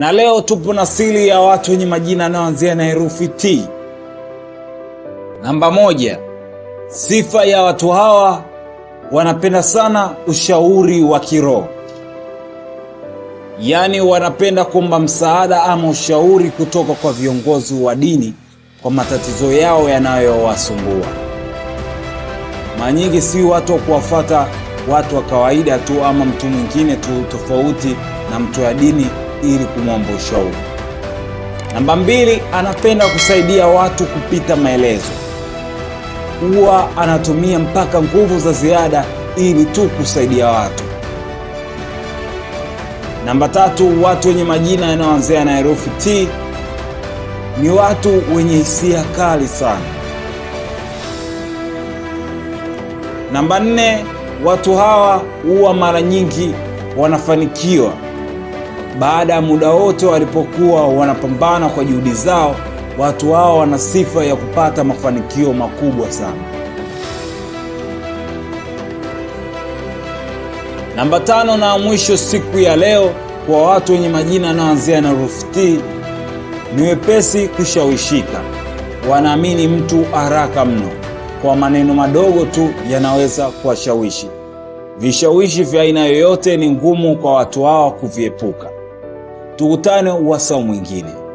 Na leo tupo na siri ya watu wenye majina yanayoanzia na herufi T. Namba moja, sifa ya watu hawa wanapenda sana ushauri wa kiroho, yaani wanapenda kuomba msaada ama ushauri kutoka kwa viongozi wa dini kwa matatizo yao yanayowasumbua. Mara nyingi si watu wa kuwafata watu wa kawaida tu ama mtu mwingine tu tofauti na mtu wa dini ili kumwomba ushauri. Namba mbili, anapenda kusaidia watu kupita maelezo. Huwa anatumia mpaka nguvu za ziada ili tu kusaidia watu. Namba tatu, watu wenye majina yanayoanzia na herufi T ni watu wenye hisia kali sana. Namba nne, watu hawa huwa mara nyingi wanafanikiwa. Baada ya muda wote walipokuwa wanapambana kwa juhudi zao, watu hao wana sifa ya kupata mafanikio makubwa sana. Namba tano na mwisho siku ya leo, kwa watu wenye majina yanayoanzia na herufi T ni wepesi kushawishika, wanaamini mtu haraka mno. Kwa maneno madogo tu yanaweza kuwashawishi. Vishawishi vya aina yoyote ni ngumu kwa watu hawa kuviepuka. Tukutane wasaa mwingine.